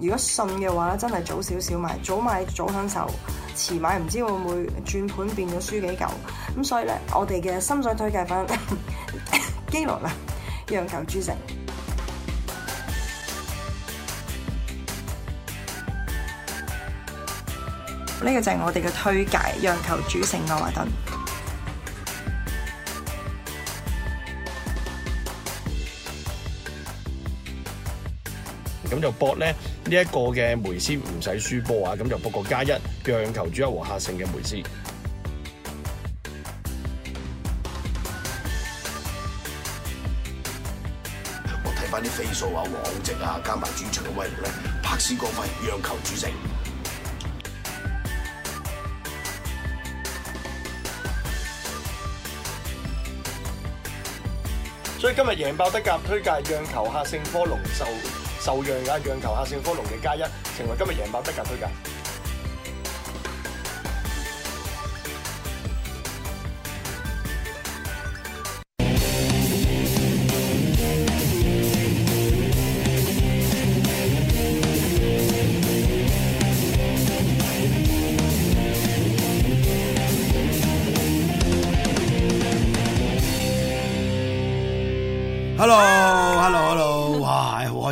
如果信嘅話，真係早少少買，早買早享受，遲買唔知會唔會轉盤變咗輸幾嚿。咁所以咧，我哋嘅心水推介翻 基羅啦，讓球主勝。呢個就係我哋嘅推介，讓球主勝愛華頓。咁就搏咧，呢一個嘅梅西唔使輸波啊！咁就搏個加一讓球主一和客勝嘅梅西。我睇翻啲飛數啊、往績啊，加埋主場嘅威力咧，拍市過費讓球主勝。所以今日贏爆德甲推介讓球客勝科龍壽。受讓亞讓球客勝科隆嘅加一成為今日贏爆得價推介。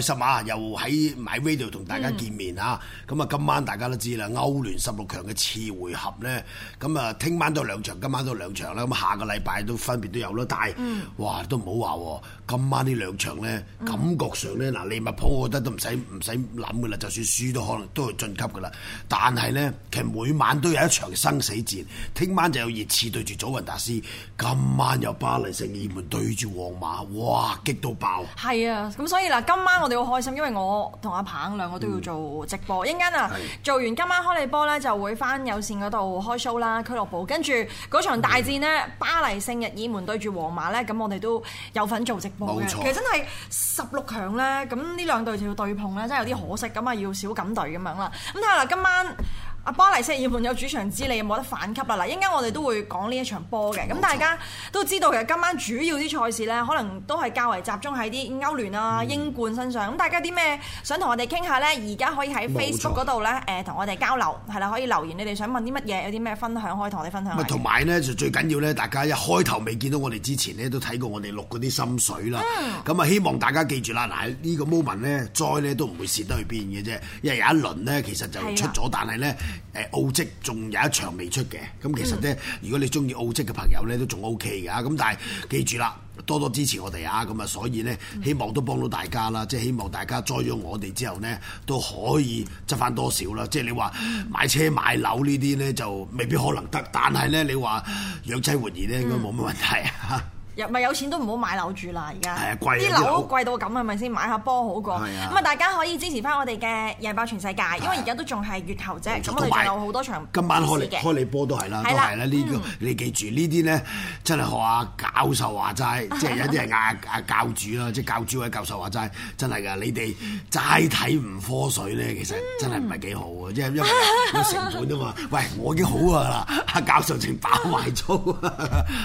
十碼又喺 MyRadio 同大家見面啊！咁啊、嗯，今晚大家都知啦，歐聯十六強嘅次回合呢。咁啊，聽晚都有兩場，今晚都有兩場啦。咁下個禮拜都分別都有咯。但係，哇、嗯，都唔好話喎，今晚呢兩場呢，嗯、感覺上呢，嗱，利物浦我覺得都唔使唔使諗嘅啦，就算輸都可能都係進級嘅啦。但係呢，其實每晚都有一場生死戰，聽晚就有熱刺對住祖雲達斯，今晚又巴黎聖日耳門對住皇馬，哇，激到爆！係啊，咁所以嗱，今晚我。好開心，因為我同阿鵬兩個都要做直播。一陣間啊，會是做完今晚開你波咧，就會翻有線嗰度開 show 啦，俱樂部。跟住嗰場大戰呢，嗯、巴黎聖日耳門對住皇馬咧，咁我哋都有份做直播嘅。錯其實真係十六強咧，咁呢兩隊就要對碰咧，真係有啲可惜咁啊，要少緊隊咁樣啦。咁睇下啦，今晚。阿巴黎聖日門有主場之利，冇得反擊啦！嗱，應該我哋都會講呢一場波嘅。咁錯大家都知道其實，今晚主要啲賽事咧，可能都係較為集中喺啲歐聯啊、嗯、英冠身上。咁大家啲咩想同我哋傾下咧？而家可以喺 Facebook 嗰度咧，誒同我哋交流係啦錯，可以留言你哋想問啲乜嘢，有啲咩分享可以同我哋分享同埋咧，就最緊要咧，大家一開頭未見到我哋之前咧，都睇過我哋錄嗰啲心水啦。咁啊、嗯，希望大家記住啦！嗱，呢個 moment 咧，再咧都唔會蝕得去邊嘅啫。因為有一輪咧，其實就出咗，但係咧。誒澳職仲有一場未出嘅，咁其實咧，如果你中意澳職嘅朋友咧，都仲 O K 㗎，咁但係記住啦，多多支持我哋啊，咁啊，所以咧，希望都幫到大家啦，即係希望大家栽咗我哋之後咧，都可以執返多少啦，即係你話買車買樓呢啲咧就未必可能得，但係咧你話養妻活兒咧應該冇乜問題啊。又有錢都唔好買樓住啦！而家啲樓貴到咁啊，咪先買下波好過。咁啊，大家可以支持翻我哋嘅夜爆全世界，因為而家都仲係月頭啫，咁我哋仲有好多場。今晚開你你波都係啦，都係啦。呢個你記住呢啲咧，真係學下教授話齋，即係有啲係阿阿教主啦，即係教主位教授話齋，真係㗎。你哋齋睇唔科水咧，其實真係唔係幾好嘅，即係因為成本啊嘛。喂，我已經好啊啦，教授情包埋租，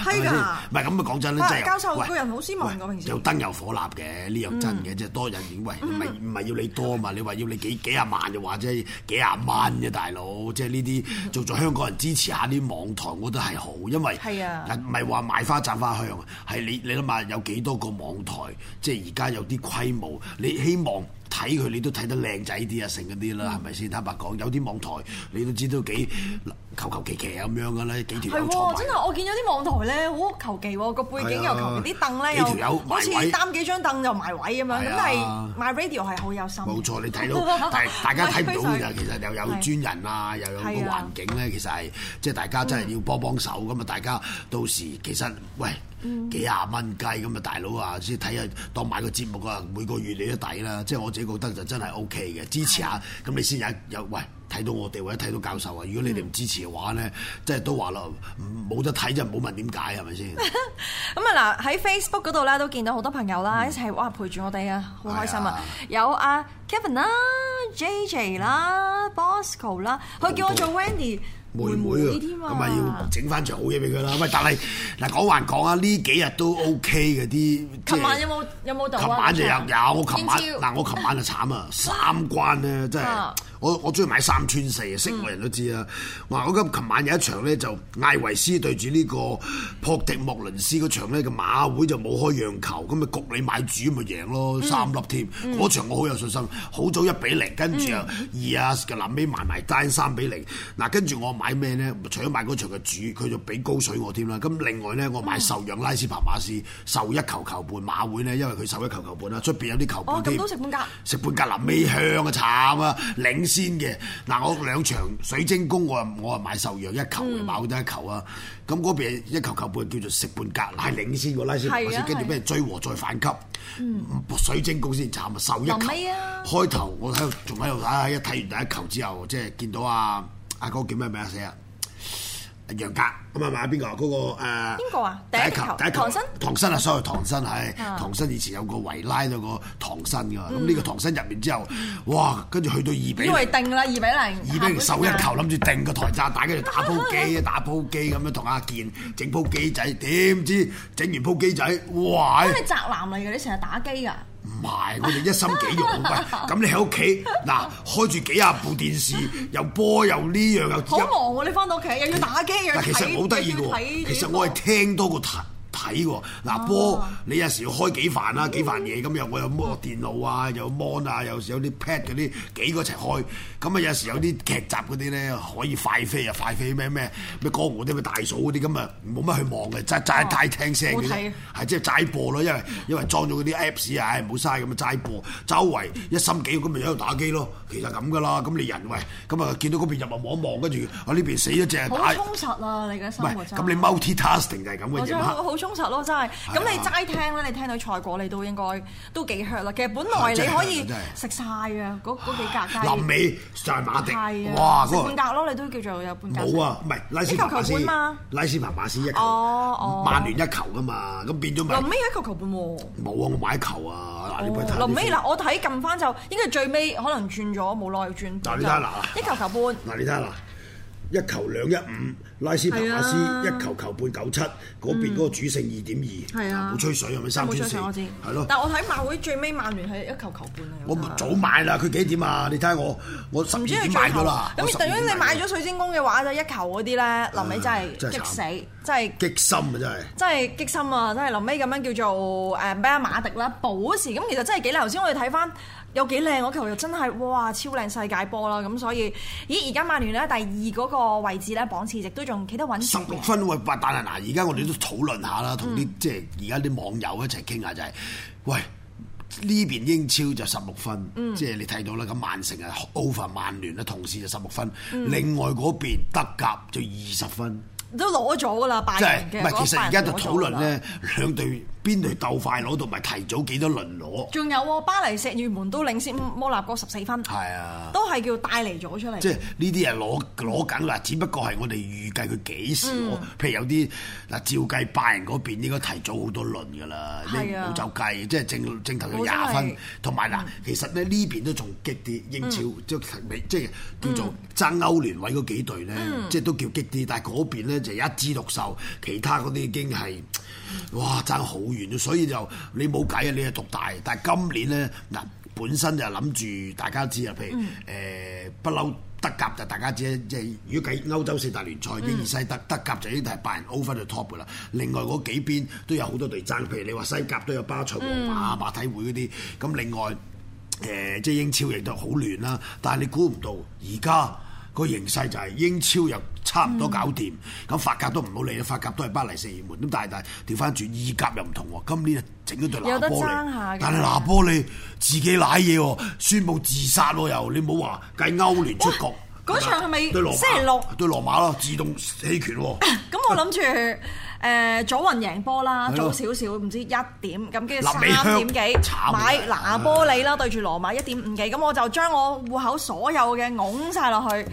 係㗎？唔係咁啊，講真。教授個喂人好斯文噶，喂平時有燈有火蠟嘅，呢又、嗯、真嘅，即係多人認為。喂、嗯，唔係唔係要你多嘛？嗯、你話要你幾十萬幾廿萬就話啫，幾廿萬嘅大佬，即係呢啲做做香港人支持下啲網台，我覺得係好，因為唔係話賣花讚花香，係你你諗下有幾多個網台，即係而家有啲規模，你希望。睇佢你都睇得靚仔啲啊，成嗰啲啦，係咪先？坦白講，有啲網台你都知道都幾求求其其咁樣㗎啦，幾條友坐埋。真係我見咗啲網台咧，好求其喎，個背景又求其，啲凳咧又好似擔幾張凳又埋位咁樣。咁係 MyRadio 係好有心。冇錯，你睇到，但係大家睇唔 到其實又有專人啊， 又有個環境咧，其實係即係大家真係要幫幫手咁啊！ 大家到時其實喂。嗯、幾廿蚊雞咁啊！大佬啊，先睇下當買個節目啊，每個月你都抵啦。即係我自己覺得就真係 OK 嘅，支持下咁、嗯、你先有有喂睇到我哋或者睇到教授啊。如果你哋唔支持嘅話咧，嗯、即係都話咯，冇得睇就唔好問點解係咪先？咁啊嗱，喺 Facebook 嗰度咧都見到好多朋友啦，嗯、一齊哇陪住我哋啊，好開心啊！哎、呀有啊 Kevin 啦、JJ 啦、Bosco 啦，佢叫我做 Wendy。妹妹啊，咁咪要整翻場好嘢俾佢啦。喂，但係嗱講還講啊，呢幾日都 OK 嘅啲。琴晚有冇有冇？琴晚就有，有。 我琴晚嗱我琴晚就慘 啊，三關咧真係。 我我中意買三串四啊，識我人都知啊。嗱，我今琴晚有一場咧，就艾維斯對住呢個博迪莫倫斯嗰場咧，個馬會就冇開讓球，咁咪焗你買主咪贏咯，三粒添。嗰場我好有信心，好早一比零、嗯，跟住啊二啊就臨尾埋埋單三比零。嗱，跟住我買咩咧？除咗買嗰場嘅主，佢就俾高水我添啦。咁另外咧，我買受讓拉斯帕馬斯受一球球半，馬會咧，因為佢受一球球半啦，出邊有啲球半啲，食半格食半格，臨尾香啊，慘啊！領先嘅嗱，我兩場水晶宮，我啊我啊買受讓一球，嗯、買好多一球啊，咁嗰邊一球球半叫做食半格，係領先個啦先，跟住俾人追和再反擊，嗯、水晶宮先慘啊，受一球，惡啊、開頭我喺度仲喺度啊，一睇完第一球之後，即係見到阿、啊、阿、啊、哥叫咩名死啊？楊格，咁啊嘛，邊個啊？嗰個誒邊個啊？第一球，唐生，唐生啊，所 o 唐生係唐生以前有個維拉有個唐生㗎，咁呢個唐生入面之後，哇，跟住去到二比，因為定啦，二比零，二比零，受一球，諗住定個台揸大，跟住打波機，打波機咁樣，同阿健整波機仔，點知整完波機仔，哇！係宅男嚟㗎，你成日打機㗎。唔係，我哋一心幾用好係。咁 你喺屋企嗱，開住幾廿部電視， 波又波又呢樣又，好忙喎、啊！你翻到屋企 又要打機， 又要睇，但其實，好得意嘢，其實我係聽多過睇。睇喎，嗱波、啊、你有時要開幾份啦，嗯、幾份嘢咁，又我有摸電腦啊，有 mon 啊，有時有啲 pad 嗰啲幾個一齊開，咁、嗯、啊有時有啲劇集嗰啲咧可以快飛啊，快飛咩咩咩江湖啲咩大嫂啲咁啊，冇乜去望嘅，齋齋聽聲嘅係即係齋播咯，因為因為裝咗嗰啲 apps 啊、哎，唉唔好嘥咁啊齋播，周圍一心幾個咁咪喺度打機咯，其實咁噶啦，咁、嗯、你人喂咁啊見到嗰邊入埋望望，跟住我呢邊死咗隻，好充實啊你嘅生活，唔係咁、啊、你 multi-tasking、啊、就係咁嘅嘢通實咯，真係。咁你齋聽咧，你聽到菜果，你都應該都幾吃 e 啦。其實本來你可以食晒啊，嗰嗰幾格。臨尾就係馬迪，哇！半格咯，你都叫做有半。格？冇啊，唔係拉絲帕馬斯，拉絲帕馬斯一球，曼聯一球噶嘛，咁變咗咪？臨尾一球球半喎。冇啊，我買球啊，嗱你睇。臨尾嗱，我睇近翻就應該最尾，可能轉咗冇耐轉。嗱你睇啦。一球球半。嗱你睇啦。一球兩一五，拉斯帕馬斯一球球半九七，嗰邊嗰個主勝二點二，冇吹水係咪？三點四，係咯。但係我睇馬會最尾曼聯係一球球半啊！我早買啦，佢幾點啊？你睇下我，我甚至已經買咗啦。咁而等於你買咗水晶宮嘅話就一球嗰啲咧，臨尾真係激死，真係激心啊！真係真係激心啊！真係臨尾咁樣叫做誒咩啊馬迪啦，保時咁，其實真係幾頭先我哋睇翻。有幾靚？我球又真係，哇！超靚世界波啦，咁所以，咦？而家曼聯咧第二嗰個位置咧榜次席，亦都仲企得穩。十六分都係八單啊！嗱，而家我哋都討論下啦，同啲即係而家啲網友一齊傾下就係、是，喂！呢邊英超就十六分，嗯、即係你睇到啦。咁曼城啊，over 曼聯咧，同時就十六分。嗯、另外嗰邊德甲就二十分，都攞咗噶啦，八唔係，其實而家就討論咧兩隊。嗯嗯邊隊鬥快攞到咪提早幾多輪攞？仲有啊，巴黎聖日耳門都領先摩納哥十四分，係、嗯、啊，都係叫帶嚟咗出嚟。即係呢啲係攞攞緊嗱，只不過係我哋預計佢幾時攞。嗯、譬如有啲嗱，照計拜仁嗰邊應該提早好多輪㗎啦，冇、嗯、就計。即係正正頭嘅廿分，同埋嗱，其實咧呢邊都仲激啲英超、嗯，即係即係叫做爭歐聯位嗰幾隊咧，嗯、即係都叫激啲。但係嗰邊咧就一枝獨秀，其他嗰啲已經係。哇，爭好遠，所以就你冇計啊，你係獨大。但係今年呢，嗱本身就諗住大家知啊，譬如誒不嬲德甲就係、大家知，即係如果計歐洲四大聯賽英意西德、德、德甲就已經係拜仁 over the top 啦。另外嗰幾邊都有好多隊爭，譬如你話西甲都有巴塞皇馬、嗯、馬體會嗰啲。咁另外誒、呃，即係英超亦都好亂啦。但係你估唔到而家。個形勢就係英超又差唔多搞掂，咁、嗯、法甲都唔好理啦，法甲都係巴黎聖日門。咁大大調翻轉意甲又唔同喎，今年整咗對拿波利，但係拿波利自己舐嘢喎，宣佈自殺喎又，你唔好話計歐聯出局。嗰、嗰個、場係咪吧星期六對羅馬咯，自動棄權喎。咁 我諗住。 誒、呃、早雲贏波啦，的早少少唔知一點咁，跟住三點幾買拿波利啦，啊、對住羅馬一點五幾，咁我就將我戶口所有嘅㧬晒落去。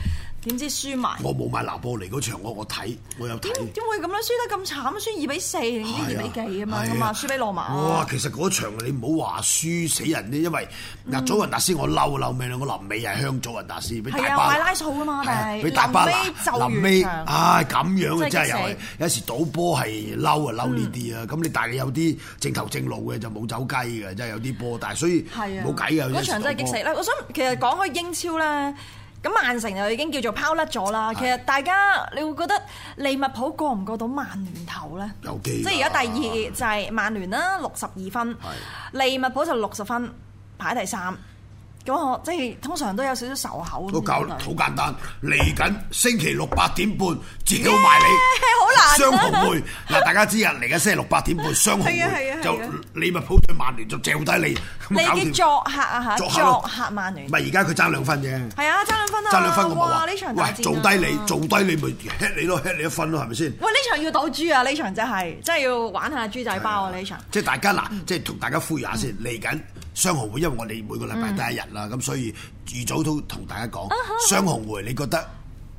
點知輸埋？我冇買拿波嚟嗰場，我我睇，我有睇。點點會咁樣？輸得咁慘啊！輸二比四，呢啲二比幾啊嘛？咁，輸俾羅馬。哇！其實嗰場你唔好話輸死人咧，因為嗱，祖雲達斯我嬲嬲命啦！我臨尾係向祖雲達斯俾大包。啊，買拉數啊嘛，定係俾大包啊！臨尾唉咁樣啊，真係又係有時賭波係嬲啊嬲呢啲啊！咁你但係有啲正頭正路嘅就冇走雞嘅，真係有啲波，但係所以冇計啊！嗰場真係激死啦！我想其實講開英超咧。咁曼城就已經叫做拋甩咗啦，是的 其實大家你會覺得利物浦過唔過到曼聯頭呢？有機，即係而家第二就係曼聯啦，六十二分，是的 利物浦就六十分，排第三。即係通常都有少少仇口。都搞好簡單，嚟緊星期六八點半，召埋你好雙紅會。嗱，大家知啊，嚟緊星期六八點半雙紅會，就利物浦對曼聯就召低你你搞。作客啊，作客曼聯。唔係而家佢爭兩分嘅？係啊，爭兩分啦。爭兩分我冇啊。喂，做低你，做低你咪吃你咯，吃你一分咯，係咪先？喂，呢場要賭豬啊！呢場就係，真係要玩下豬仔包啊！呢場。即係大家嗱，即係同大家呼籲下先，嚟緊。雙紅會，因為我哋每個禮拜得一日啦，咁、嗯、所以預早都同大家講雙、啊、哈紅會，你覺得？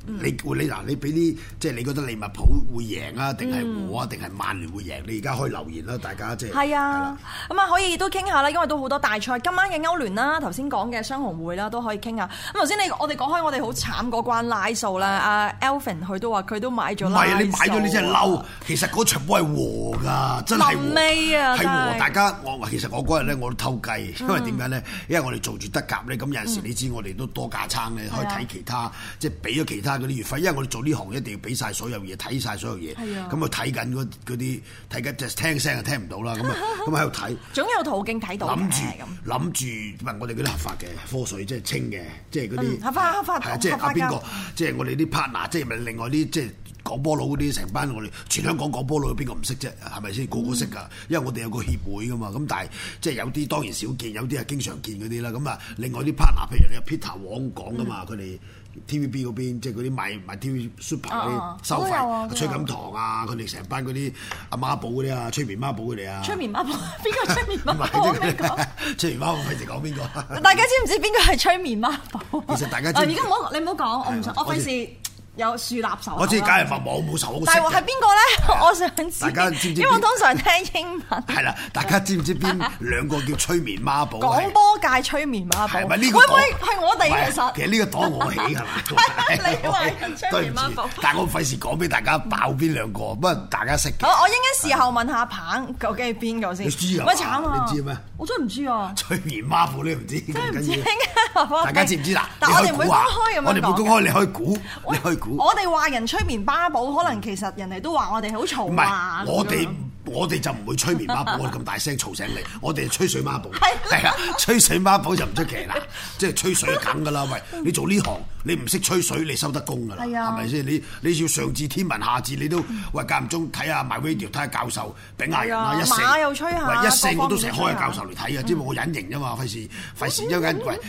你會，你嗱，你俾啲，即係你覺得利物浦會贏啊？定係和啊？定係曼聯會贏？你而家可以留言啦，大家即係係啊，咁啊可以都傾下啦，因為都好多大賽。今晚嘅歐聯啦，頭先講嘅雙紅會啦，都可以傾下。咁頭先你，我哋講開我哋好慘嗰關拉素啦，阿 Alvin 佢都話佢都買咗拉素。係啊，你買咗你真係嬲。其實嗰場波係和㗎，真係和。啊，大家我其實我嗰日咧我都偷雞，因為點解咧？因為我哋做住德甲咧，咁有陣時你知我哋都多架撐咧，可以睇其他，即係俾咗其他。啲月費，因為我哋做呢行一定要俾晒所有嘢，睇晒所有嘢，係啊，咁啊睇緊嗰啲睇緊，即係聽聲啊聽唔到啦，咁啊咁喺度睇，總有途徑睇到嘅，諗住，咁諗住我哋嗰啲合法嘅科稅即係清嘅，即係嗰啲合法合法，即係阿邊個，即係我哋啲 partner，即係咪另外啲即係講波佬嗰啲成班我哋全香港講波佬邊個唔識啫？係咪先個個識噶？因為我哋有個協會噶嘛，咁但係即係有啲當然少見，有啲係經常見嗰啲啦，咁啊另外啲 partner，譬如你阿 Peter 王講噶嘛，佢哋。TVB 嗰邊，即係嗰啲賣賣 TV Super 嗰啲收費，吹、啊啊啊、錦棠啊，佢哋成班嗰啲阿媽寶嗰啲啊，催眠媽寶佢哋啊，催眠媽寶，邊個催， 的催眠媽寶？我未講，催眠媽寶費事講邊個？大家知唔知邊個係催眠媽寶？其實大家知，知，而家唔好，你唔好講，哎、呀我唔想，我費先事。有樹立手，我知假人發網冇手。但係喎係邊個咧？我想知，因為我通常聽英文。係啦，大家知唔知邊兩個叫催眠孖寶？廣播界催眠孖寶係咪呢個？喂喂，係我哋其實，其實呢個黨我起係嘛？你催眠孖寶但係我費事講俾大家爆邊兩個，不過大家識我我應緊事後問下鵬究竟係邊個先？你知啊？咪慘你知咩？我真係唔知啊！催眠孖寶你唔知，知。大家知唔知嗱？我哋唔會公開嘅嘛，我哋唔會公開，你可以估，你可以。我哋話人催眠巴寶，可能其實人哋都話我哋好嘈啊！唔係我哋。我哋就唔會吹眠孖寶咁大聲嘈醒你，我哋係吹水孖寶，係啊，吹水孖寶就唔出奇啦。即係吹水梗㗎啦。喂，你做呢行，你唔識吹水，你收得工㗎啦，係咪先？你你要上至天文，下至你都喂間唔中睇下 my radio，睇下教授炳下人一聲又吹下，一聲我都成日開下教授嚟睇啊，知我隱形啫嘛？費事費事，因為喂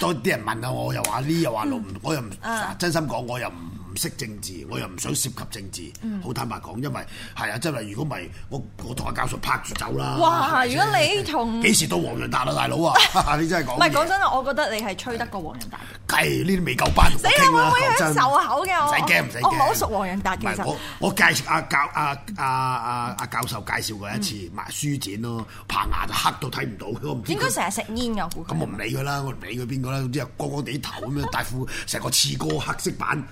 多啲人問下我又話呢，又話唔，我又唔，真心講我又唔。識政治，我又唔想涉及政治。好坦白講，因為係啊，真係如果唔係我我同阿教授拍住走啦。哇！如果你同幾時到黃仁達啊大佬啊，你真係講唔係講真啊，我覺得你係吹得過黃仁達嘅。係呢啲未夠班死啦！會唔會受口嘅，唔使驚唔使驚。我熟黃仁達嘅。唔我介紹阿教阿阿阿阿教授介紹過一次買書展咯，棚牙就黑到睇唔到。應該成日食煙嘅。咁我唔理佢啦，我理佢邊個啦，總之啊光光地頭咁樣，大褲成個刺哥黑色版。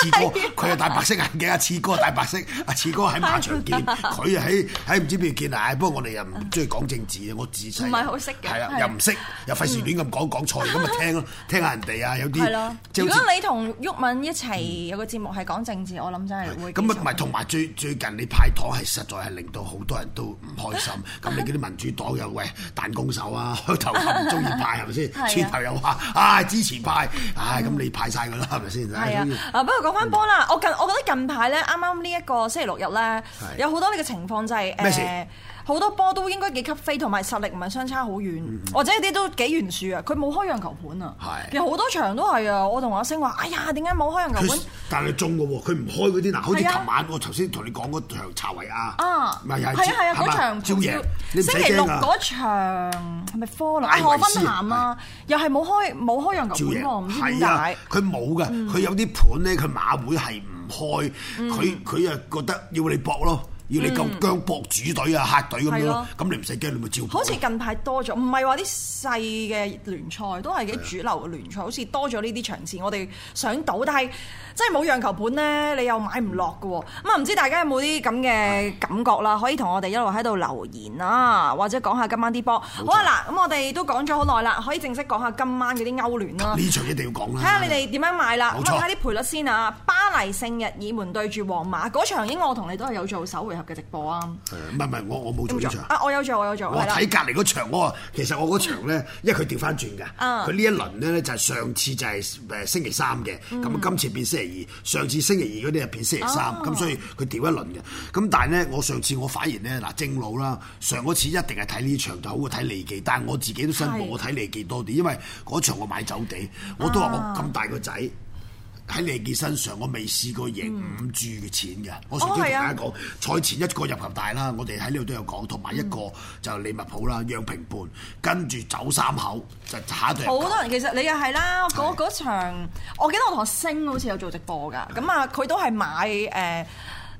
次哥，佢係戴白色眼鏡啊！次哥戴白色，阿次哥喺馬場見，佢啊喺喺唔知邊度見啊！不過我哋又唔中意講政治啊，我自細唔係好識，係啊，又唔識，又費事亂咁講講錯，咁咪聽咯，聽下人哋啊，有啲。如果你同毓民一齊有個節目係講政治，我諗真係會。咁啊，唔係同埋最最近你派糖係實在係令到好多人都唔開心。咁你嗰啲民主黨又喂彈弓手啊，開頭唔中意派係咪先？轉頭又話，唉支持派，唉咁你派晒佢啦係咪先？講翻波啦，嗯、我近我覺得近排咧，啱啱呢一個星期六日咧，是有好多呢個情況就係、是、誒。好多波都應該幾級飛，同埋實力唔係相差好遠，或者啲都幾懸殊啊！佢冇開讓球盤啊，其實好多場都係啊！我同阿星話：哎呀，點解冇開讓球盤？但係中嘅喎，佢唔開嗰啲嗱，好似琴晚我頭先同你講嗰場查維亞啊，唔係啊，係啊，嗰場焦贏。星期六嗰場係咪科倫何芬咸啊？又係冇開冇開讓球盤喎？係啊，佢冇㗎，佢有啲盤咧，佢馬會係唔開，佢佢啊覺得要你搏咯。要你咁薑搏主隊啊，客隊咁樣咁的你唔使驚，你咪照。好似近排多咗，唔係話啲細嘅聯賽，都係幾主流嘅聯賽，的好似多咗呢啲場次，我哋想賭，但係真係冇讓球盤咧，你又買唔落嘅喎。咁啊，唔知大家有冇啲咁嘅感覺啦，可以同我哋一路喺度留言啦，或者講下今晚啲波。錯好啊，嗱，咁我哋都講咗好耐啦，可以正式講下今晚嗰啲歐聯啦。呢場一定要講啦。睇下你哋點樣買啦，睇下啲賠率先啊。巴黎聖日耳門對住皇馬，嗰場應該我同你都係有做手嘅。嘅直播啊，唔係唔係，我我冇做呢場啊，我有做，我有做。我睇隔離嗰場，我啊，其實我嗰場咧， 因為佢調翻轉㗎，佢呢一輪呢，就係上次就係星期三嘅，咁、嗯、今次變星期二，上次星期二嗰啲啊變星期三，咁、啊、所以佢調一輪嘅。咁但係呢，我上次我反而呢，嗱正路啦，上嗰次一定係睇呢場就好過睇利記，但係我自己都申報我睇利記多啲，是因為嗰場我買走地，我都話我咁大個仔。啊喺李杰身上，我未試過贏五注嘅錢嘅。嗯、我上次同大家講，賽、哦啊、前一個入球大啦，我哋喺呢度都有講，同埋一個就利物浦啦，讓平半，跟住走三口就炒一。好多人其實你又係啦，嗰、那、嗰、個、場我記得我同阿星好似有做直播㗎。咁啊的，佢都係買誒。呃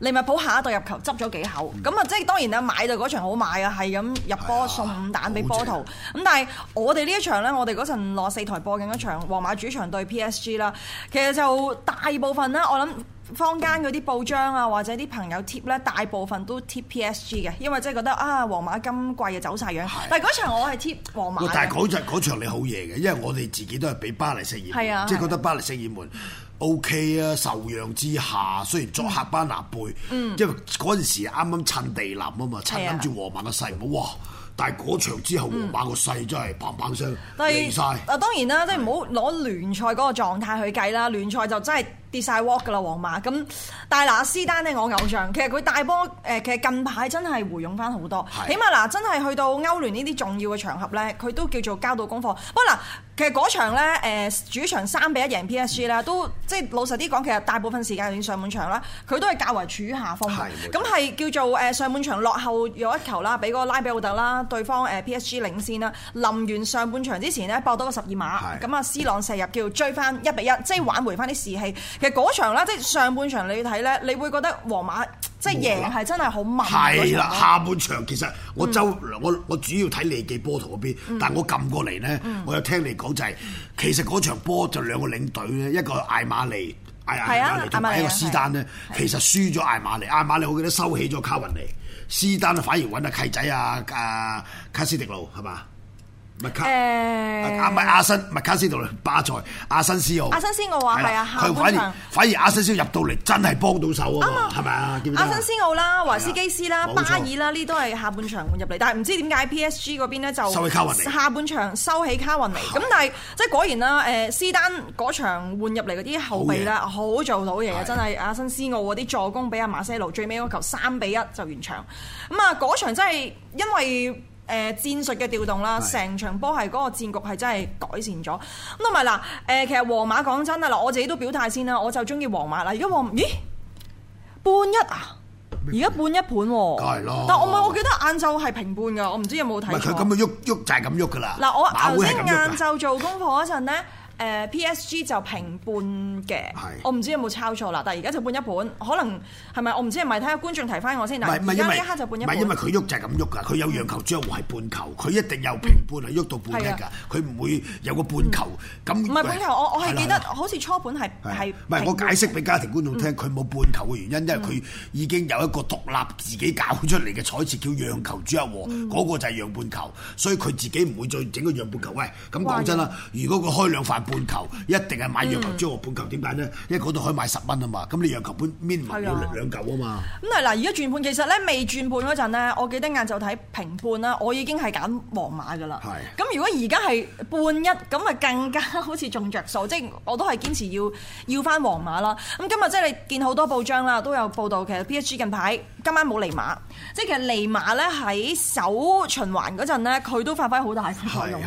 利物浦下一度入球執咗幾口，咁啊，即係當然啦，買到嗰場好買啊，係咁入呀，送波送五蛋俾波圖。咁很棒 但係我哋呢一場咧，我哋嗰陣落四台播緊嗰場皇馬主場對 P S G 啦，其實就大部分啦。我諗坊間嗰啲報章啊，或者啲朋友 tip 咧，大部分都 tip P S G 嘅，因為即係覺得啊，皇馬今季啊走晒樣，是的 但係嗰場我係 tip 皇馬。但係嗰陣嗰場你好嘢嘅，因為我哋自己都係俾巴黎食熱門，即係覺得巴黎食熱門。O K 啊，受讓、okay，之下，雖然作客班拿貝，嗯、因為嗰陣時啱啱趁地腍啊嘛，趁緊住皇馬嘅勢，嗯、哇！但係嗰場之後和馬的棒棒的，皇馬嘅勢真係棒棒聲，離曬開。啊，當然啦，是即係唔好攞聯賽嗰個狀態去計啦，聯賽就真係。跌晒 walk 㗎啦，皇馬咁，但係嗱，斯丹呢，我偶像，其實佢大波誒，其實近排真係回勇翻好多，是的 起碼嗱，真係去到歐聯呢啲重要嘅場合咧，佢都叫做交到功課。不過嗱，其實嗰場咧誒，主場三比一贏 P S G 咧，都即係老實啲講，其實大部分時間上半場咧，佢都係較為處於下風嘅，咁係的叫做誒上半場落後有一球啦，俾嗰個拉比奧特啦，對方誒 P S G 領先啦，臨完上半場之前呢，博多個十二碼，咁啊是的 C 朗射入叫追翻一比一，即係挽回翻啲士氣。其實嗰場咧，即係上半場你睇咧，你會覺得皇馬即係贏係真係好慢好猛。係啦，下半場其實我就我、嗯、我主要睇利記波圖嗰邊，嗯、但係我撳過嚟咧，嗯、我有聽你講就係、是嗯、其實嗰場波就兩個領隊咧，一個艾馬利，艾艾馬利同埋一個施丹咧，其實輸咗艾馬利，艾馬利我記得收起咗卡雲尼，施丹啊反而揾阿契仔啊，啊卡斯迪路係嘛？誒阿咪阿新麥卡斯道，尼巴塞阿新斯奧阿新斯奧話係啊，下半場，反而阿新斯入到嚟真係幫到手啊，係咪啊？阿新斯奧啦，華斯基斯啦，巴爾啦，呢都係下半場換入嚟，但係唔知點解 P S G 嗰邊咧就收起卡雲尼，下半場收起卡雲尼，咁但係即係果然啦，誒斯丹嗰場換入嚟嗰啲後備咧，好做到嘢啊！真係阿新斯奧嗰啲助攻俾阿馬西魯最尾嗰球三比一就完場，咁啊嗰場真係因為。誒戰術嘅調動啦，成是場波係嗰個戰局係真係改善咗。咁同埋嗱，誒其實皇馬講真啊，嗱我自己都表態先啦，我就中意皇馬啦。而家皇咦半一啊？而家半一盤喎，哦。梗係啦。但我唔係，我記得晏晝係平半㗎，我唔知有冇睇。唔係佢咁咪喐喐就係咁喐㗎啦。嗱我頭先晏晝做功課嗰陣咧。誒 P. S. G 就平半嘅，我唔知有冇抄錯啦，但係而家就半一盤，可能係咪我唔知，係咪睇下觀眾提翻我先。嗱，而家一刻就半一盤，唔係因為佢喐就係咁喐噶，佢有讓球主一和係半球，佢一定有平半係，喐到半一噶，佢唔會有個半球咁。唔係半球，我我係記得好似初盤係係。唔係我解釋俾家庭觀眾聽，佢冇半球嘅原因，因為佢已經有一個獨立自己搞出嚟嘅彩池叫讓球主一和，嗰個就係讓半球，所以佢自己唔會再整個讓半球。喂，咁講真啦，如果佢開兩塊。半球一定係買弱球,球，將我半球點解咧？嗯、因為嗰度可以買十蚊啊嘛，咁你弱球半 m i n i 要兩兩嚿啊嘛。咁係嗱，而家轉盤其實咧未轉盤嗰陣咧，我記得晏晝睇平半啦，我已經係揀皇馬噶啦。係的。咁如果而家係半一，咁啊更加好似仲着數，即係我都係堅持要要返皇馬啦。咁今日即係你見好多報章啦，都有報導其實 PSG 近排。今晚冇尼馬，即係其實尼馬咧喺首循環陣咧，佢都發揮好大作用。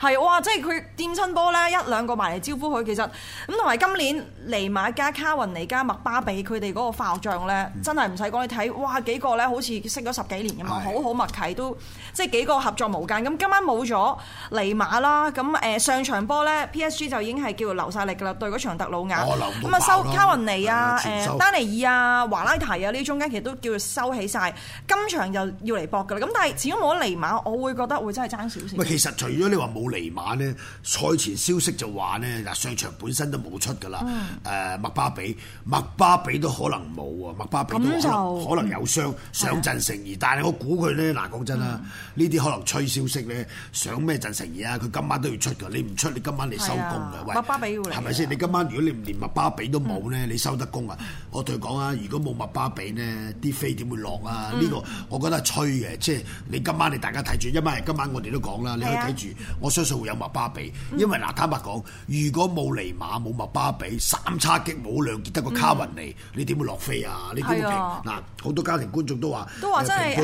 係是哇！即係佢掂親波咧，一兩個埋嚟招呼佢，其實，咁同埋今年尼馬加卡雲尼加麥巴比佢哋個個化學仗咧，嗯、真係唔使講，你睇哇幾個咧好似識咗十幾年咁嘛，好好默契，都即係幾個合作無間。咁今晚冇咗尼馬啦，咁誒上場波咧，PSG 就已經係叫做流晒力㗎啦，對嗰場特魯瓦。我流唔怕啦。咁啊收卡雲尼啊、誒丹尼爾啊、華拉提啊呢中間其實都叫收起晒，今場就要嚟搏㗎啦。咁但係，始終冇尼馬，我會覺得會真係爭少少。其實除咗你話冇尼馬呢，賽前消息就話呢，嗱上場本身都冇出㗎啦。誒、嗯、麥巴比，麥巴比都可能冇喎，麥巴比都可、嗯、可能有傷，上陣成疑。嗯、但係我估佢呢，嗱講真啦，呢啲、嗯、可能吹消息呢，想咩陣成疑啊？佢今晚都要出㗎，你唔出你今晚你收工㗎。嗯、喂麥巴比要嚟，係咪先？你今晚如果你唔連麥巴比都冇呢，你、嗯、收得工啊？我對佢講啊，如果冇麥巴比呢。啲你點會落啊？呢個我覺得係吹嘅，即係你今晚你大家睇住，因為今晚我哋都講啦，你可以睇住，我相信會有麥巴比，因為嗱坦白講，如果冇尼馬冇麥巴比，三叉戟冇兩件得個卡雲尼，你點會落飛啊？你點會平？嗱，好多家庭觀眾都話都話真低水，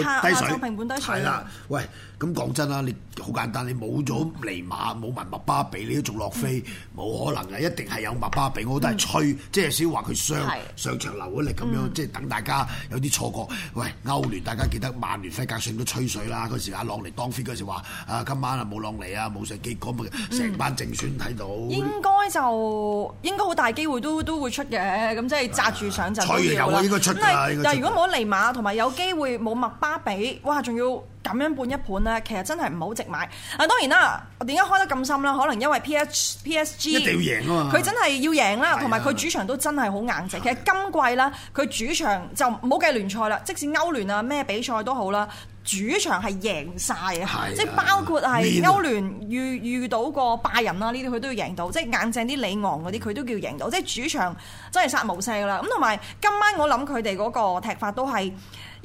平盤低水係啦。喂，咁講真啦，你好簡單，你冇咗尼馬冇埋麥巴比，你都仲落飛，冇可能啊，一定係有麥巴比。我覺得係吹，即係少少話佢傷上場流咗力，咁樣即係等大家有啲錯。喂，歐聯大家記得曼聯費格遜都吹水啦，嗰時阿朗尼當飛嗰時話，啊今晚啊冇朗尼啊冇成結果，咁成班正選睇到、嗯。應該就應該好大機會都都會出嘅，咁即係紮住上陣都要啦。應該出，但係是如果冇尼馬，同埋有機會冇麥巴比，哇，仲要。咁樣半一盤呢，其實真係唔好直買。啊，當然啦，我點解開得咁深啦？可能因為 P S G 一定要贏啊！佢真係要贏啦，同埋佢主場都真係好硬淨。是啊、其實今季咧，佢主場就唔好計聯賽啦，即使歐聯啊咩比賽都好啦，主場係贏晒是啊！即係包括係歐聯遇遇到個拜仁啦，呢啲佢都要贏到。即係是、啊、硬淨啲里昂嗰啲，佢都叫贏到。即係主場真係殺無聲啦。咁同埋今晚我諗佢哋嗰個踢法都係。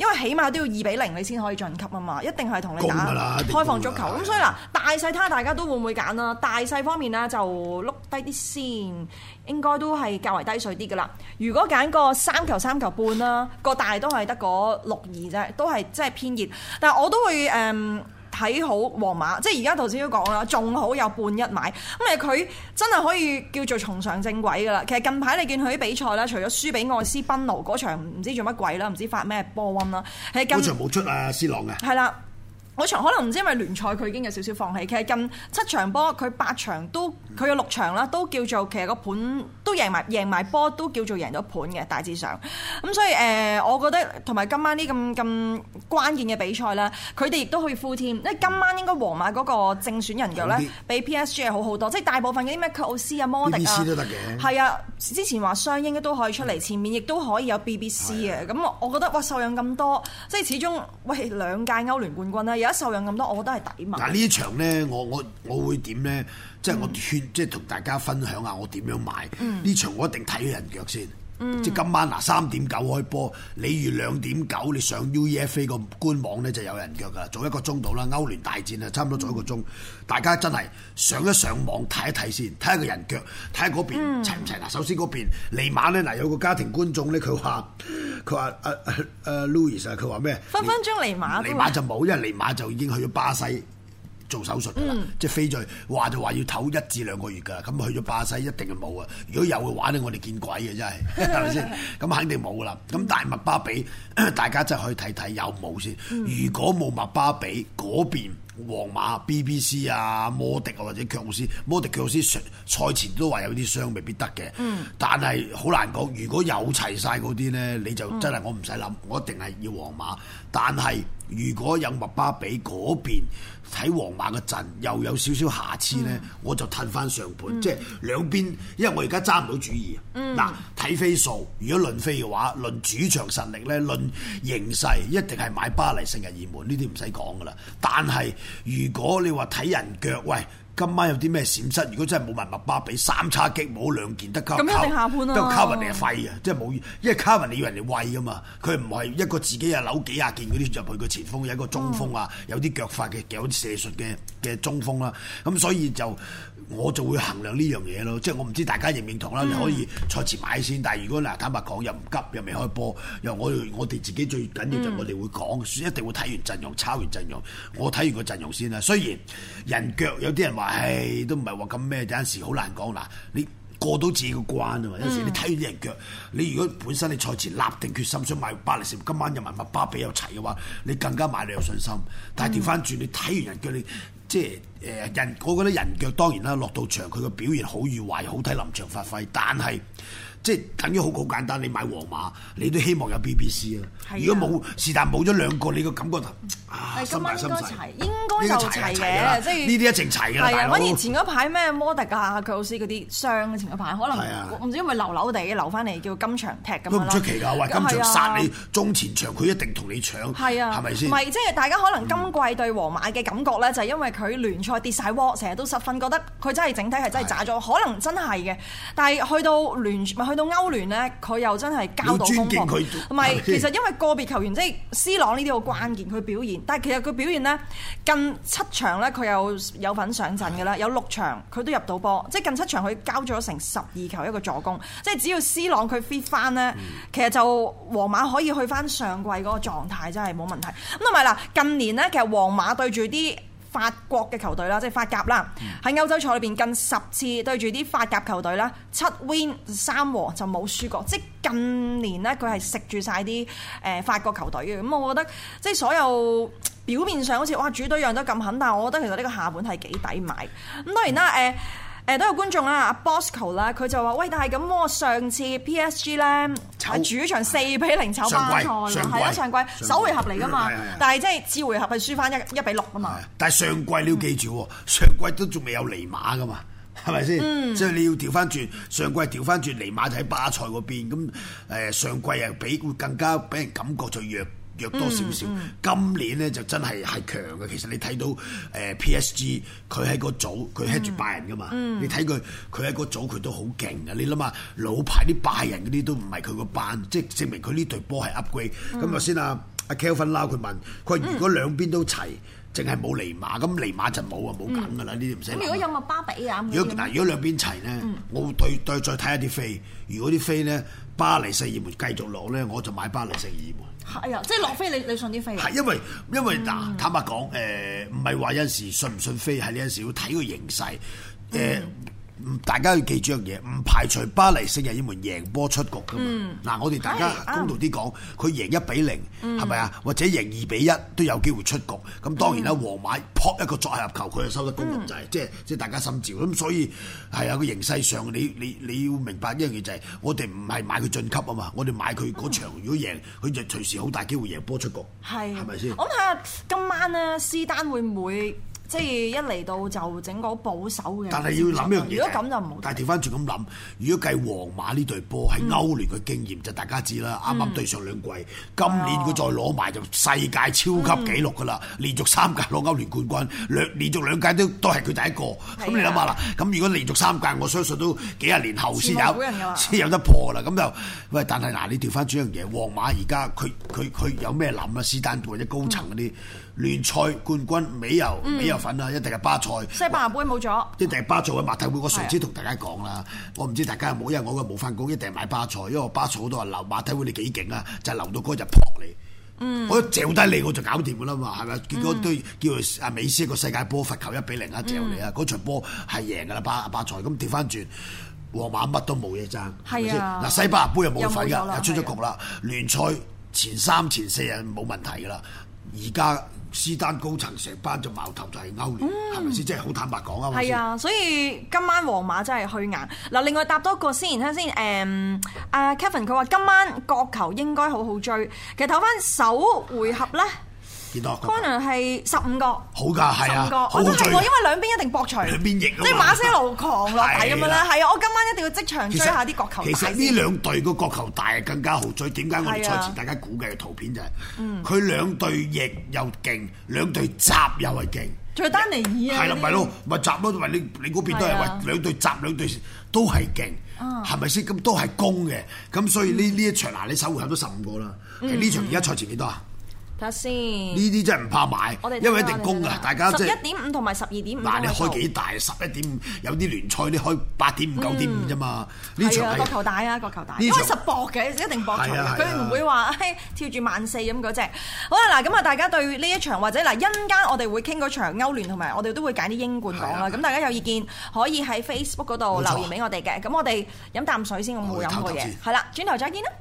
因為起碼都要二比零你先可以晉級啊嘛，一定係同你打開放足球。咁所以啦，大細睇下大家都會唔會揀啦？大細方面咧就碌低啲先，應該都係較為低水啲噶啦。如果揀個三球三球半啦，個大都係得個六二啫，都係即係偏熱。但係我都會誒。嗯睇好皇馬，即係而家頭先都講啦，仲好有半一買，咁誒佢真係可以叫做重上正軌噶啦。其實近排你見佢啲比賽咧，除咗輸俾愛斯賓奴嗰場唔知做乜鬼啦，唔知發咩波瘟啦，係近。嗰場冇出啊，斯朗啊。係啦。我可能唔知，因為聯賽佢已經有少少放棄。其實近七場波，佢八場都佢有六場啦，都叫做其實個盤都贏埋贏埋波，都叫做贏咗盤嘅大致上。咁、嗯、所以誒、呃、我覺得同埋今晚呢咁咁關鍵嘅比賽啦，佢哋亦都可以 full 添。因為今晚應該皇馬嗰個正選人腳咧，比 PSG 係好好多。嗯、即係大部分嗰啲咩克奧斯啊、摩迪啊，係啊，之前話雙應該都可以出嚟，嗯、前面亦都可以有 BBC 嘅、啊。咁、嗯嗯、我覺得哇、呃，受讓咁多，即係始終喂兩屆歐聯冠軍咧。而家受人咁多，我覺得係抵買。嗱、啊，呢一場咧，我我我會點咧？即係、嗯、我勸即係同大家分享下我點樣買。呢、嗯、場我一定睇人腳先。即、嗯、今晚嗱三點九開波，你預兩點九你上 UEFA 個官網咧就有人腳㗎，早一個鐘到啦，歐聯大戰啊，差唔多早一個鐘，大家真係上一上網睇一睇先，睇下個人腳，睇下嗰邊齊唔齊。嗱、嗯，首先嗰邊尼馬咧嗱，有個家庭觀眾咧，佢話佢話阿阿 Louis 啊，佢話咩？Louis，分分鐘尼馬尼馬就冇，因為尼馬就已經去咗巴西。做手術㗎啦，嗯、即係飛在話就話要唞一至兩個月㗎，咁去咗巴西一定係冇啊！如果有嘅話咧，我哋見鬼啊，真係，係咪先？咁肯定冇㗎啦。咁但係麥巴比，大家真係去睇睇有冇先。嗯、如果冇麥巴比嗰邊，皇馬、BBC 啊、摩迪啊，或者強斯，摩迪強斯賽前都話有啲傷，未必得嘅。嗯、但係好難講，如果有齊晒嗰啲呢，你就真係、嗯、我唔使諗，我一定係要皇馬。但係。如果有麥巴比嗰邊，睇皇馬嘅陣又有少少瑕疵呢，嗯、我就褪翻上盤，嗯、即係兩邊，因為我而家揸唔到主意。嗱、嗯，睇飛數，如果論飛嘅話，論主場實力咧，論形勢，一定係買巴黎聖日耳門，呢啲唔使講噶啦。但係如果你話睇人腳，喂，今晚有啲咩閃失？如果真係冇埋麥巴比三叉戟冇兩件得交，咁一定下盤啊！因卡文定係廢嘅，即係冇，因為卡文你要人哋餵啊嘛。佢唔係一個自己啊扭幾廿件嗰啲入去個前鋒，有一個中鋒啊、嗯，有啲腳法嘅，有啲射術嘅嘅中鋒啦。咁所以就。我就會衡量呢樣嘢咯，即係我唔知大家認唔認同啦。嗯、你可以賽前買先，但係如果嗱坦白講又唔急又未開波，又我我哋自己最緊要就我哋會講，嗯、一定會睇完陣容，抄完陣容。我睇完個陣容先啦。雖然人腳有啲人話，唉都唔係話咁咩，有陣時好難講嗱。你過到自己個關啊嘛，有時你睇完啲人腳，你如果本身你賽前立定決心想買巴黎食，今晚又埋麥巴比又齊嘅話，你更加買你有信心。但係調翻轉你睇完人腳，你。嗯你即係誒人，我覺得人腳當然啦，落到場佢嘅表現好與壞，好睇臨場發揮，但係。即係等於好好簡單，你買皇馬，你都希望有 BBC 啊！如果冇，是但冇咗兩個，你個感覺就心大心細。應該就齊嘅，即係呢啲一定齊㗎大佬。反而前嗰排咩模特啊，佢好似嗰啲傷嘅前嗰排可能唔知係咪流流地流翻嚟叫金場踢咁都唔出奇㗎，喂，金場殺你中前場，佢一定同你搶，係啊，係咪先？唔係，即係大家可能今季對皇馬嘅感覺咧，就係因為佢聯賽跌晒鍋，成日都失分，覺得佢真係整體係真係渣咗，可能真係嘅。但係去到聯。去到歐聯呢，佢又真係交到功課，同埋其實因為個別球員， 即係 C 朗呢啲好關鍵佢表現，但係其實佢表現呢近七場呢，佢有有份上陣嘅啦，有六場佢都入到波，即係近七場佢交咗成十二球一個助攻，即係只要 C 朗佢 fit 翻呢， 其實就皇馬可以去翻上季嗰個狀態，真係冇問題。咁同埋啦，近年呢，其實皇馬對住啲。法國嘅球隊啦，即係法甲啦，喺、嗯、歐洲賽裏邊近十次對住啲法甲球隊啦，七 win 三和就冇輸過，即係近年呢，佢係食住晒啲誒法國球隊嘅。咁我覺得即係所有表面上好似哇主隊讓得咁狠，但係我覺得其實呢個下盤係幾抵買，咁當然啦誒。嗯呃誒，都有觀眾啦，Bosco 啦，佢就話：喂，但係咁喎，上次 PSG 咧喺主場四比零炒巴塞啦，係啦櫃，上季櫃首回合嚟噶嘛，係係係但係即係次回合佢輸翻一一比六啊嘛。但係上季你要記住，嗯、上季都仲未有尼馬噶嘛，係咪先？即係、嗯、你要調翻轉，上季調翻轉尼馬喺巴塞嗰邊，咁誒上季又比會更加俾人感覺最弱。弱、嗯、多少少，今年咧就真係係強嘅。其實你睇到誒、呃、P S G，佢喺個組佢 head 住拜仁噶嘛？你睇佢佢喺個組佢都好勁嘅。你諗下，老牌啲拜仁嗰啲都唔係佢個班，即係證明佢呢隊波係 upgrade。咁頭先啊，阿 Kelvin Lau 佢問佢：如果兩邊都齊，淨係冇尼馬，咁尼馬就冇啊，冇緊㗎啦。呢啲唔使。咁如果有個巴比啊？如果嗱，麼如果兩邊齊咧，嗯、我對對再睇下啲飛。如果啲飛咧，巴黎聖二門繼續攞咧，我就買巴黎聖二門。係啊、哎，即係落飛，是你你信啲飛。啊？係因為因為嗱，嗯、坦白講，誒唔係話有陣時信唔信飛，係你有陣時要睇個形勢。誒、呃。嗯大家要記住樣嘢，唔排除巴黎聖日耳門贏波出局噶嘛。嗱、嗯，我哋大家公道啲講，佢、嗯、贏一比零，係咪啊？或者贏二比一都有機會出局。咁當然啦，嗯、皇馬撲一個作客入球，佢就收得高咁滯。即係即係大家心照。咁所以係啊，個形勢上你你你要明白一樣嘢就係，我哋唔係買佢進級啊嘛，我哋買佢嗰場如果贏，佢就隨時好大機會贏波出局。係的，係咪先？是是我諗下今晚咧、啊，斯丹會唔會？即係一嚟到就整個保守嘅，但係要諗一樣嘢。如果咁就唔好，但係調翻轉咁諗，如果計皇馬呢隊波喺歐聯嘅經驗，就大家知啦。啱啱對上兩季，今年佢再攞埋就世界超級紀錄㗎啦！連續三屆攞歐聯冠軍，兩連續兩屆都都係佢第一個。咁你諗下啦，咁如果連續三屆，我相信都幾廿年後先有，先有得破㗎啦。咁就喂，但係嗱，你調翻轉一樣嘢，皇馬而家佢佢佢有咩諗啊？斯丹或者高層嗰啲聯賽冠軍，未有。粉啦，一定係巴塞。西班牙杯冇咗。一定係巴塞嘅馬體會我上次同大家講啦。啊、我唔知大家有冇，因為我個冇返工，一定係買巴塞。因為巴塞好多人流馬體會，你幾勁啊？就係、是、流到嗰日撲你，嗯、我一錘低你我就搞掂噶啦嘛，係咪啊？嗯、結果都叫阿美斯一個世界波罰球一比零一錘你、嗯、啊！嗰場波係贏噶啦，巴巴塞咁調返轉，皇馬乜都冇嘢爭。係啊，嗱，西班牙杯又冇份噶，又出咗局啦。啊、聯賽前三、前四就冇問題噶啦，而家。斯丹高層成班就矛頭就係歐聯，係咪先？真係好坦白講啊！係啊，所以今晚皇馬真係去硬。嗱，另外答多個先，先誒阿、um, uh, Kevin 佢話今晚國球應該好好追。其實睇翻首回合咧。可能係十五個，好㗎，係啊，我都係因為兩邊一定搏取，兩邊翼咯，即係馬些路狂落嚟咁樣啦。係啊，我今晚一定要即場追下啲角球。其實呢兩隊個角球大係更加好追，點解我哋賽前大家估計嘅圖片就係，佢兩隊翼又勁，兩隊集又係勁。仲丹尼爾啊，係啦，咪咯，咪集咯，咪你你嗰邊都係，咪兩隊集兩隊都係勁，係咪先？咁都係攻嘅，咁所以呢呢一場嗱，你首回合都十五個啦，呢場而家賽前幾多啊？先，呢啲真係唔怕買，因為一定攻啊！大家即係十一點五同埋十二點五。嗱，你開幾大？十一點五有啲聯賽你開八點五九點五啫嘛？呢場係啊，個球大啊，個球大。呢場實博嘅，一定博球，佢唔會話唉跳住萬四咁嗰隻。好啦，嗱，咁啊，大家對呢一場或者嗱，陣間我哋會傾嗰場歐聯，同埋我哋都會揀啲英冠講啦。咁大家有意見可以喺 Facebook 嗰度留言俾我哋嘅。咁我哋飲啖水先，我冇飲過嘢。係啦，轉頭再見啦。